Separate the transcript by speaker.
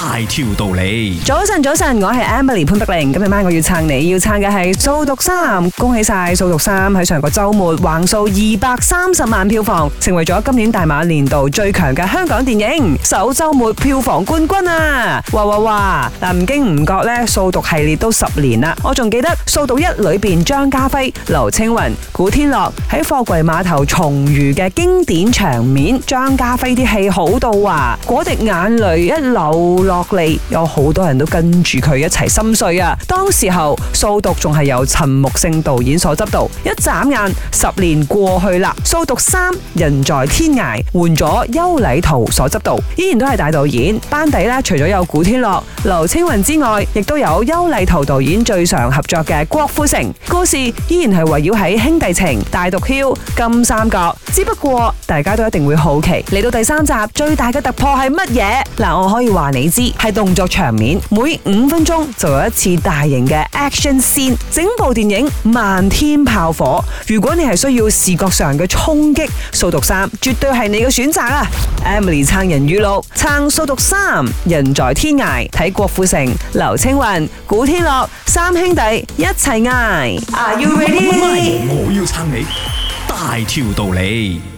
Speaker 1: 大條道理，早晨早晨，我係 Emily 潘碧玲，今日晚我要撐你，要撐嘅係《掃毒三》，恭喜晒《掃毒三》喺上個周末橫掃二百三十萬票房，成為咗今年大馬年度最強嘅香港電影，首周末票房冠軍啊！哇哇哇！嗱，唔經唔覺咧，《掃毒》系列都十年啦，我仲記得《掃毒一》裏邊張家輝、劉青雲、古天樂喺貨櫃碼頭重遇嘅經典場面，張家輝啲戲好到啊，嗰滴眼淚一流。落嚟有好多人都跟住佢一齊心碎啊！當時候掃毒仲係由陳木勝導演所執導，一眨眼十年過去啦。掃毒三人在天涯換咗邱禮濤所執導，依然都係大導演班底咧，除咗有古天樂、劉青雲之外，亦都有邱禮濤導演最常合作嘅郭富城。故事依然係圍繞喺兄弟情、大毒梟、金三角。只不過大家都一定會好奇，嚟到第三集最大嘅突破係乜嘢？嗱，我可以話你知，係動作場面，每五分鐘就有一次大型嘅 action scene，整部電影漫天炮火。如果你係需要視覺上嘅衝擊，掃毒三絕對係你嘅選擇啊！Emily 撐人語錄，撐掃毒三，人在天涯睇郭富城、劉青雲、古天樂三兄弟一齊嗌。Are you ready？我要撐你。大條道理。